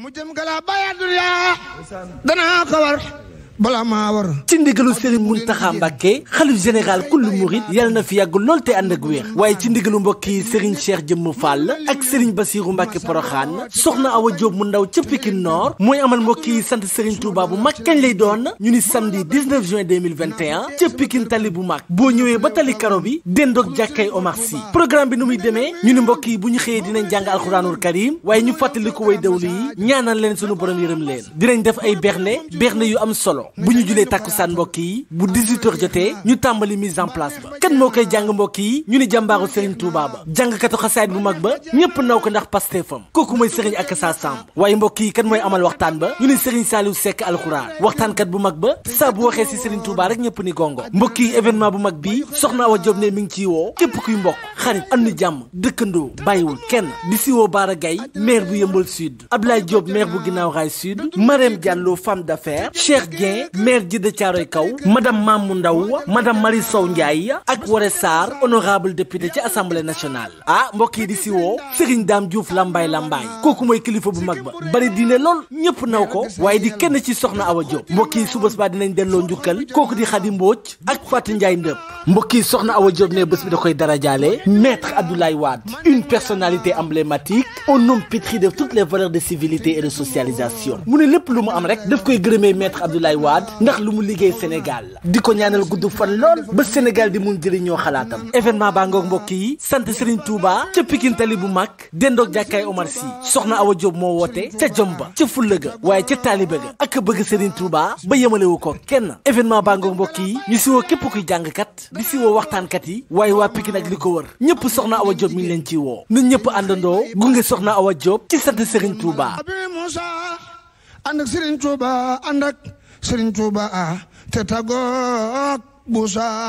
mu jëm galaa baya duniya danaa ko war balaa maa war. ci ndigalu Serigne Mountakha Mbacké xalif général kullu murid yàlla na fi yàgg lool te ànd ak wér waaye ci ndigalu mbokk yi Serigne Cheikh Jëmm Fall ak Serigne Bassirou Mbacké Porokhane soxna a Diop mu ndaw ca Pikine Nord mooy amal mbokk yi sant Serigne Touba bu mag kañ lay doon ñu ni samedi 19 juin 2021 ca Pikine tali bu mag boo ñëwee ba tali karo bi dendoog jàkkay Omar Sy programme bi nu muy demee ñu ni mbokk yi bu ñu xëyee dinañ jàng alxuraanul karim waaye ñu fàttali ko way dawlu yi ñaanal leen sunu borom yërëm leen dinañ def ay berne berne yu am solo bu ñu julee tàkkusaan mbokk yi bu 18 jotee ñu tàmbali mise en place ba kan moo koy jàng mbokk yi ñu ni jàmbaaru Serigne Touba ba jàngkatu xasaayit bu mag ba ñépp naw ko ndax pastéefam kooku mooy Serigne Akassa Samb waaye mbokk yi kan mooy amal waxtaan ba ñu ni Serigne Saliou Seck alxuraan waxtaankat bu mag ba saa bu waxee si Serigne Touba rek ñëpp ni gongo mbokk yi événement bu mag bi soxna Awa Diop ne mi ngi ciy woo képp kuy mbokk xarit am na jàmm dëkkandoo bàyyiwul kenn di siwoo Baara Gaye maire bu Yëmbal Sud Abdoulaye Diop maire bu Ginnaaw Rail Sud Marème Diallo femme d'affaires Cheikh Dieng maire ji de Thiaroye Kaw madame Mamou Ndaw madame Marie Sow Ndiaye ak Woré Sarr honorable député ci assemblée nationale ah mbokk di siwoo Serigne Dame Diouf Lambaye Lambaye kooku mooy kilifa bu mag ba bari diine lool ñëpp naw ko waaye di kenn ci soxna Awa Diop mbokk yi subas ba dinañ delloo njukkal mbokk yi soxna Awa Diop ne bés bi da koy darajaale maître Abdoulaye Wade une personnalité emblématique un homme pétri de toutes les valeurs de civilité et de socialisation mu ne lépp lu mu am rek daf koy gërëmee maître Abdoulaye Wade ndax lu mu liggéey Sénégal di ko ñaanal gudd fan lool ba Sénégal di mun jëriñoo xalaatam événement baa ngoog mbokk yi sant Serigne Touba ca pikintali bu mag dendoog jàkkaay Omar si soxna Awa Diop moo woote ca Jomba ca fulla ga ca taalibe ga ak bëgg Serigne Touba ba yemalewu ko kenn événement baa mbokk yi ñu siwoo képp kuy jàngkat di si woo waxtaankat yi waaye waa Pikine ak li ko wër ñëpp soxna Awa Diop mi ngi leen ci woo nu ñëpp àndandoo gunge soxna Awa Diop ci sant Serigne Touba. ànd ak Serigne Touba ànd ak Serigne Touba te tàggoog Moussa.